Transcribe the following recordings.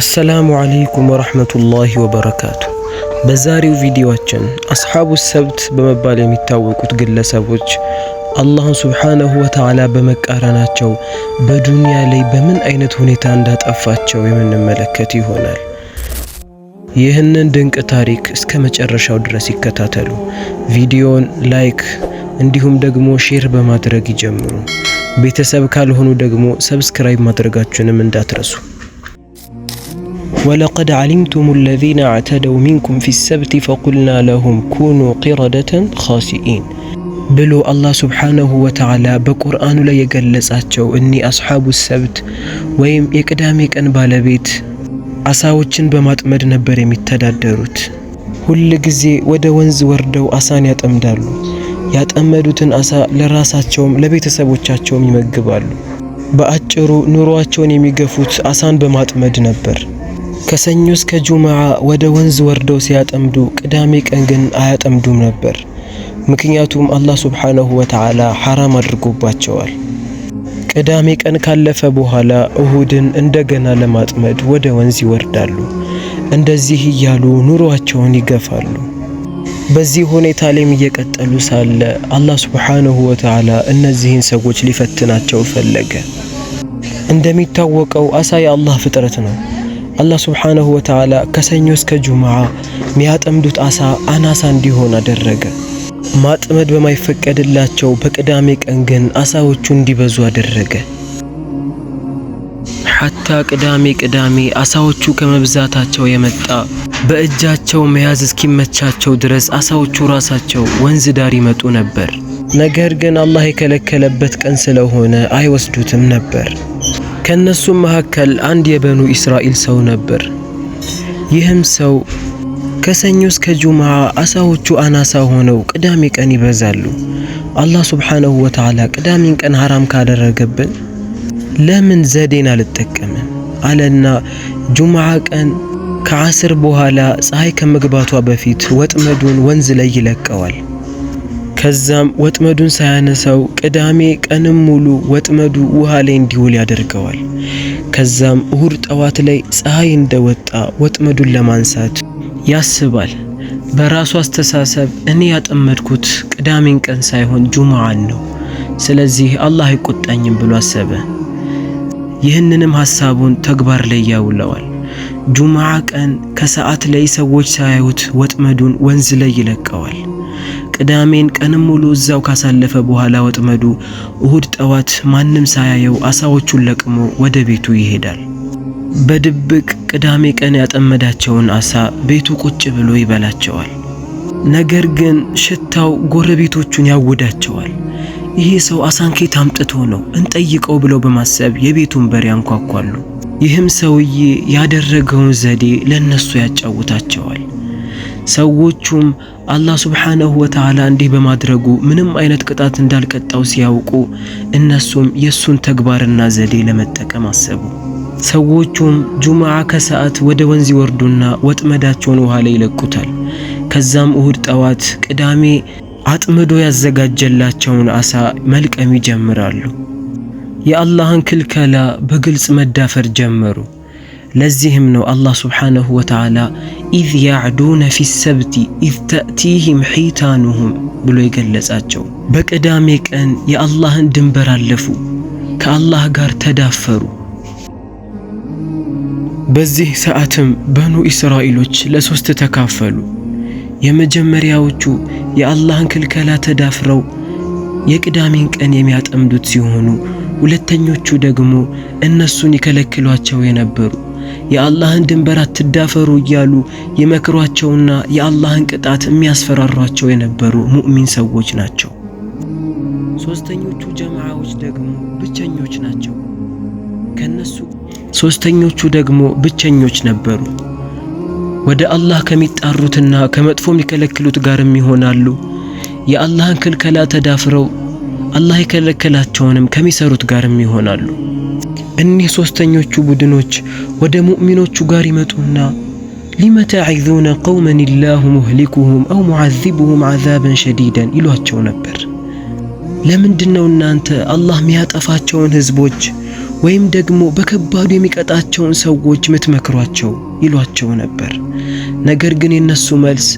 አሰላሙ አለይኩም ወረህመቱላሂ ወበረካቱ። በዛሬው ቪዲዮአችን አስሓቡ ሰብት በመባል የሚታወቁት ግለሰቦች አላህን ሱብሓነሁ ወተዓላ በመቃረናቸው በዱንያ ላይ በምን አይነት ሁኔታ እንዳጠፋቸው የምንመለከት ይሆናል። ይህንን ድንቅ ታሪክ እስከ መጨረሻው ድረስ ይከታተሉ። ቪዲዮን ላይክ እንዲሁም ደግሞ ሼር በማድረግ ይጀምሩ። ቤተሰብ ካልሆኑ ደግሞ ሰብስክራይብ ማድረጋችሁንም እንዳትረሱ። ወለቀድ ዓሊምቱም ለዚነ አዕተደው ሚንኩም ፊሰብቲ ፈቁልና ለሁም ኩኑ ቂረደተን ኻሲኢን ብሎ አላህ ሱብሓነሁ ወተዓላ በቁርአኑ ላይ የገለጻቸው እኒህ አስሓቡ ሰብት ወይም የቅዳሜ ቀን ባለቤት አሳዎችን በማጥመድ ነበር የሚተዳደሩት። ሁል ጊዜ ወደ ወንዝ ወርደው አሳን ያጠምዳሉ። ያጠመዱትን አሳ ለራሳቸውም ለቤተሰቦቻቸውም ይመግባሉ። በአጭሩ ኑሯቸውን የሚገፉት አሳን በማጥመድ ነበር። ከሰኞ እስከ ጁምዓ ወደ ወንዝ ወርደው ሲያጠምዱ፣ ቅዳሜ ቀን ግን አያጠምዱም ነበር። ምክንያቱም አላህ ሱብሓነሁ ወተዓላ ሐራም አድርጎባቸዋል። ቅዳሜ ቀን ካለፈ በኋላ እሁድን እንደገና ለማጥመድ ወደ ወንዝ ይወርዳሉ። እንደዚህ እያሉ ኑሯቸውን ይገፋሉ። በዚህ ሁኔታ ላይም እየቀጠሉ ሳለ አላህ ሱብሓነሁ ወተዓላ እነዚህን ሰዎች ሊፈትናቸው ፈለገ። እንደሚታወቀው አሳ የአላህ ፍጥረት ነው። አላህ ሱብሓነሁ ወተዓላ ከሰኞ እስከ ጁምዓ የሚያጠምዱት አሳ አናሳ እንዲሆን አደረገ። ማጥመድ በማይፈቀድላቸው በቅዳሜ ቀን ግን አሳዎቹ እንዲበዙ አደረገ። ሐታ ቅዳሜ ቅዳሜ አሳዎቹ ከመብዛታቸው የመጣ በእጃቸው መያዝ እስኪመቻቸው ድረስ አሳዎቹ ራሳቸው ወንዝ ዳር ይመጡ ነበር። ነገር ግን አላህ የከለከለበት ቀን ስለሆነ አይወስዱትም ነበር። ከእነሱም መካከል አንድ የበኑ ኢስራኤል ሰው ነበር። ይህም ሰው ከሰኞ እስከ ጁምዓ አሳዎቹ አናሳ ሆነው ቅዳሜ ቀን ይበዛሉ። አላህ ሱብሓነሁ ወተዓላ ቅዳሜን ቀን ሐራም ካደረገብን ለምን ዘዴን አልጠቀምም አለና ጁምዓ ቀን ከአስር በኋላ ፀሐይ ከመግባቷ በፊት ወጥመዱን ወንዝ ላይ ይለቀዋል። ከዛም ወጥመዱን ሳያነሳው ቅዳሜ ቀንም ሙሉ ወጥመዱ ውሃ ላይ እንዲውል ያደርገዋል። ከዛም እሁድ ጠዋት ላይ ፀሐይ እንደወጣ ወጥመዱን ለማንሳት ያስባል። በራሱ አስተሳሰብ እኔ ያጠመድኩት ቅዳሜን ቀን ሳይሆን ጁምዓን ነው፣ ስለዚህ አላህ አይቆጣኝም ብሎ አሰበ። ይህንንም ሐሳቡን ተግባር ላይ ያውለዋል። ጁምዓ ቀን ከሰዓት ላይ ሰዎች ሳያዩት ወጥመዱን ወንዝ ላይ ይለቀዋል። ቅዳሜን ቀንም ሙሉ እዛው ካሳለፈ በኋላ ወጥመዱ እሁድ ጠዋት ማንም ሳያየው አሳዎቹን ለቅሞ ወደ ቤቱ ይሄዳል። በድብቅ ቅዳሜ ቀን ያጠመዳቸውን አሳ ቤቱ ቁጭ ብሎ ይበላቸዋል። ነገር ግን ሽታው ጎረቤቶቹን ያውዳቸዋል። ይሄ ሰው አሳን ከየት አምጥቶ ነው እንጠይቀው ብለው በማሰብ የቤቱን በር ያንኳኳሉ። ይህም ሰውዬ ያደረገውን ዘዴ ለነሱ ያጫውታቸዋል። ሰዎቹም አላህ ሱብሓነሁ ወተዓላ እንዲህ በማድረጉ ምንም አይነት ቅጣት እንዳልቀጣው ሲያውቁ እነሱም የእሱን ተግባርና ዘዴ ለመጠቀም አሰቡ። ሰዎቹም ጁምዓ ከሰዓት ወደ ወንዝ ይወርዱና ወጥመዳቸውን ውሃ ላይ ይለቁታል። ከዛም እሁድ ጠዋት፣ ቅዳሜ አጥምዶ ያዘጋጀላቸውን አሳ መልቀም ይጀምራሉ። የአላህን ክልከላ በግልጽ መዳፈር ጀመሩ። ለዚህም ነው አላህ ስብሓንሁ ወተዓላ ኢዝ ያዕዱነ ፊ ሰብቲ ኢዝ ተእቲህም ሒታኑሁም ብሎ የገለጻቸው። በቅዳሜ ቀን የአላህን ድንበር አለፉ፣ ከአላህ ጋር ተዳፈሩ። በዚህ ሰዓትም በኑ እስራኤሎች ለሦስት ተካፈሉ። የመጀመሪያዎቹ የአላህን ክልከላ ተዳፍረው የቅዳሜን ቀን የሚያጠምዱት ሲሆኑ ሁለተኞቹ ደግሞ እነሱን ይከለክሏቸው የነበሩ የአላህን ድንበር አትዳፈሩ እያሉ የመክሯቸውና የአላህን ቅጣት የሚያስፈራሯቸው የነበሩ ሙእሚን ሰዎች ናቸው። ሶስተኞቹ ጀማዓዎች ደግሞ ብቸኞች ናቸው። ከነሱ ሶስተኞቹ ደግሞ ብቸኞች ነበሩ። ወደ አላህ ከሚጣሩትና ከመጥፎ የሚከለክሉት ጋርም ይሆናሉ። የአላህን ክልከላ ተዳፍረው አላህ የከለከላቸውንም ከሚሰሩት ጋርም ይሆናሉ። እኒህ ሶስተኞቹ ቡድኖች ወደ ሙእሚኖቹ ጋር ይመጡና ሊመ ተዒዙነ ቀውመን ላሁ ሙህሊኩሁም አው ሙዓዚቡሁም ዓዛበን ሸዲደን ይሏቸው ነበር። ለምንድነው እናንተ አላህ የሚያጠፋቸውን ህዝቦች ወይም ደግሞ በከባዱ የሚቀጣቸውን ሰዎች ምትመክሯቸው? ይሏቸው ነበር። ነገር ግን የነሱ መልስ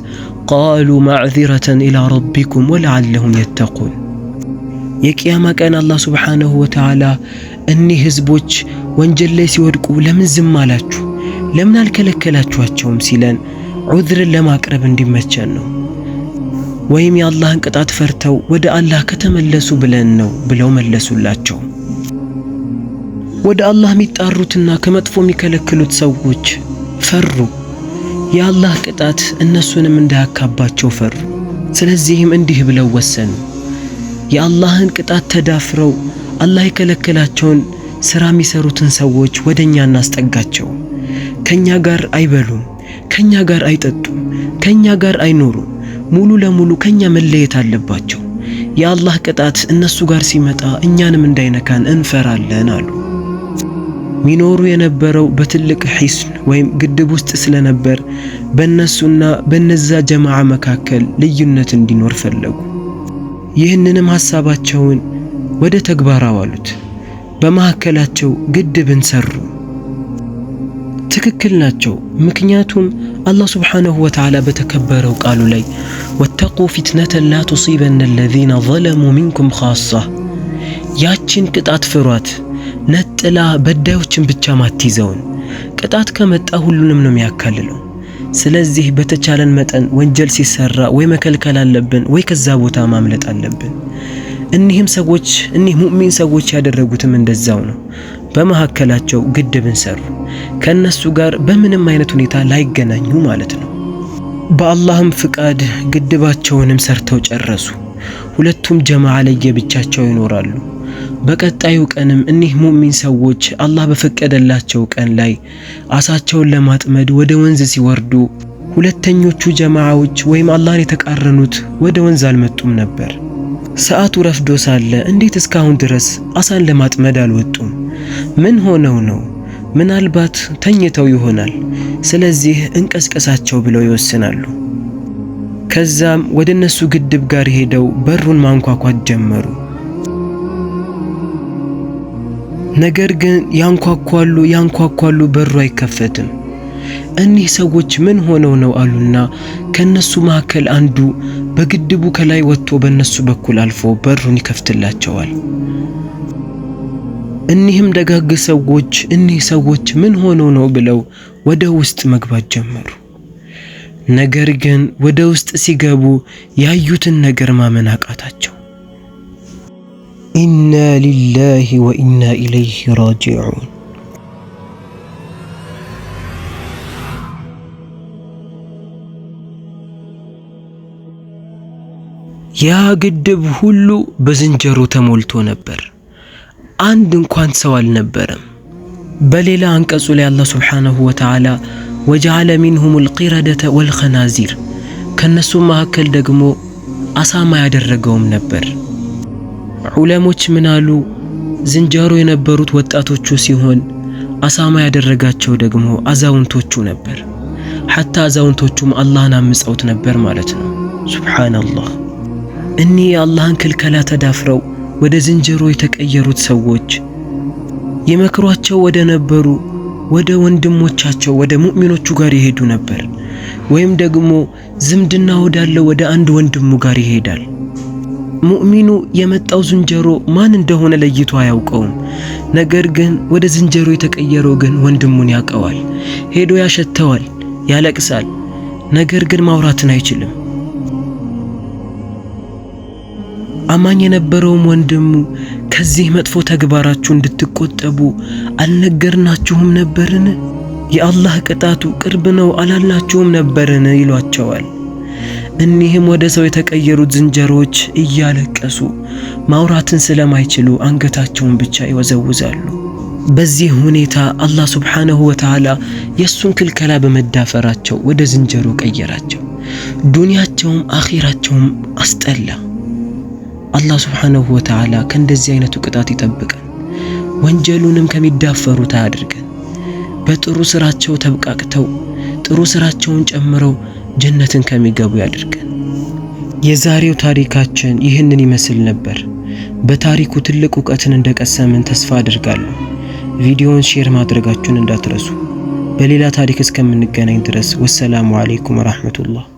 ቃሉ ማዕዚረተን ኢላ ረቢኩም ወለዓለሁም የተቁን የቅያማ ቀን አላህ ሱብሓነሁ ወተዓላ እኒህ ህዝቦች ወንጀል ላይ ሲወድቁ ለምን ዝም አላችሁ፣ ለምን አልከለከላችኋቸውም ሲለን ዑድርን ለማቅረብ እንዲመቸን ነው። ወይም የአላህን ቅጣት ፈርተው ወደ አላህ ከተመለሱ ብለን ነው ብለው መለሱላቸው። ወደ አላህ የሚጣሩትና ከመጥፎ የሚከለክሉት ሰዎች ፈሩ። የአላህ ቅጣት እነሱንም እንዳያካባቸው ፈሩ። ስለዚህም እንዲህ ብለው ወሰኑ። የአላህን ቅጣት ተዳፍረው አላህ የከለከላቸውን ሥራ የሚሠሩትን ሰዎች ወደ እኛ እናስጠጋቸው። ከእኛ ጋር አይበሉም፣ ከእኛ ጋር አይጠጡም፣ ከእኛ ጋር አይኖሩም። ሙሉ ለሙሉ ከእኛ መለየት አለባቸው። የአላህ ቅጣት እነሱ ጋር ሲመጣ እኛንም እንዳይነካን እንፈራለን አሉ። ሚኖሩ የነበረው በትልቅ ሒስን ወይም ግድብ ውስጥ ስለነበር በእነሱና በነዛ ጀማዓ መካከል ልዩነት እንዲኖር ፈለጉ። ይህንንም ሐሳባቸውን ወደ ተግባር አዋሉት። በመካከላቸው ግድብን ሰሩ። ትክክል ናቸው። ምክንያቱም አላህ ስብሓንሁ ወተዓላ በተከበረው ቃሉ ላይ ወተቁ ፊትነተን ላ ቱሲበና አለዚነ ዘለሙ ሚንኩም ኻሳ፣ ያችን ቅጣት ፍሯት፣ ነጥላ በዳዮችን ብቻ ማትይዘውን። ቅጣት ከመጣ ሁሉንም ነው የሚያካልለው። ስለዚህ በተቻለን መጠን ወንጀል ሲሰራ ወይ መከልከል አለብን ወይ ከዛ ቦታ ማምለጥ አለብን። እኒህም ሰዎች እኒህ ሙእሚን ሰዎች ያደረጉትም እንደዛው ነው። በመካከላቸው ግድብን ሰሩ፣ ከነሱ ጋር በምንም አይነት ሁኔታ ላይገናኙ ማለት ነው። በአላህም ፍቃድ ግድባቸውንም ሰርተው ጨረሱ። ሁለቱም ጀማዓ ለየብቻቸው ይኖራሉ። በቀጣዩ ቀንም እኒህ ሙእሚን ሰዎች አላህ በፈቀደላቸው ቀን ላይ አሳቸውን ለማጥመድ ወደ ወንዝ ሲወርዱ ሁለተኞቹ ጀማዓዎች ወይም አላህን የተቃረኑት ወደ ወንዝ አልመጡም ነበር። ሰዓቱ ረፍዶ ሳለ እንዴት እስካሁን ድረስ አሳን ለማጥመድ አልወጡም? ምን ሆነው ነው? ምናልባት ተኝተው ይሆናል። ስለዚህ እንቀስቀሳቸው ብለው ይወስናሉ። ከዛም ወደ እነሱ ግድብ ጋር ሄደው በሩን ማንኳኳት ጀመሩ። ነገር ግን ያንኳኳሉ ያንኳኳሉ፣ በሩ አይከፈትም። እኒህ ሰዎች ምን ሆነው ነው አሉና ከነሱ መካከል አንዱ በግድቡ ከላይ ወጥቶ በነሱ በኩል አልፎ በሩን ይከፍትላቸዋል። እኒህም ደጋግ ሰዎች እኒህ ሰዎች ምን ሆነው ነው ብለው ወደ ውስጥ መግባት ጀመሩ። ነገር ግን ወደ ውስጥ ሲገቡ ያዩትን ነገር ማመን አቃታቸው። ኢና ሊላሂ ወኢና ኢለይህ ራጅዑን ያ ግድብ ሁሉ በዝንጀሮ ተሞልቶ ነበር። አንድ እንኳን ሰው አልነበረም። በሌላ አንቀጹ ላይ አላህ ሱብሓነሁ ወተዓላ ወጀዐለ ሚንሁም አልቂረደተ ወልኸናዚር ከነሱም መካከል ደግሞ አሳማ ያደረገውም ነበር። ዑለሞች ምን አሉ? ዝንጀሮ የነበሩት ወጣቶቹ ሲሆን አሳማ ያደረጋቸው ደግሞ አዛውንቶቹ ነበር። ሐታ አዛውንቶቹም አላህን አምፀውት ነበር ማለት ነው። ሱብሓነላህ። እኒህ የአላህን ክልከላ ተዳፍረው ወደ ዝንጀሮ የተቀየሩት ሰዎች የመክሯቸው ወደ ነበሩ ወደ ወንድሞቻቸው ወደ ሙእሚኖቹ ጋር ይሄዱ ነበር፣ ወይም ደግሞ ዝምድና ወዳለው ወደ አንድ ወንድሙ ጋር ይሄዳል። ሙእሚኑ የመጣው ዝንጀሮ ማን እንደሆነ ለይቶ አያውቀውም። ነገር ግን ወደ ዝንጀሮ የተቀየረው ግን ወንድሙን ያውቀዋል። ሄዶ ያሸተዋል፣ ያለቅሳል። ነገር ግን ማውራትን አይችልም። አማኝ የነበረውም ወንድሙ ከዚህ መጥፎ ተግባራችሁ እንድትቆጠቡ አልነገርናችሁም ነበርን? የአላህ ቅጣቱ ቅርብ ነው አላላችሁም ነበርን? ይሏቸዋል። እኒህም ወደ ሰው የተቀየሩት ዝንጀሮዎች እያለቀሱ ማውራትን ስለማይችሉ አንገታቸውን ብቻ ይወዘውዛሉ። በዚህ ሁኔታ አላህ ሱብሓነሁ ወተዓላ የእሱን ክልከላ በመዳፈራቸው ወደ ዝንጀሮ ቀየራቸው። ዱንያቸውም አኺራቸውም አስጠላ። አላህ ሱብሓነሁ ወተዓላ ከእንደዚህ አይነቱ ቅጣት ይጠብቀን፣ ወንጀሉንም ከሚዳፈሩት አያድርገን። በጥሩ ስራቸው ተብቃቅተው ጥሩ ስራቸውን ጨምረው ጀነትን ከሚገቡ ያድርገን። የዛሬው ታሪካችን ይህንን ይመስል ነበር። በታሪኩ ትልቅ እውቀትን እንደቀሰምን ተስፋ አድርጋለሁ። ቪዲዮውን ሼር ማድረጋችሁን እንዳትረሱ። በሌላ ታሪክ እስከምንገናኝ ድረስ ወሰላሙ አሌይኩም ወራህመቱላህ።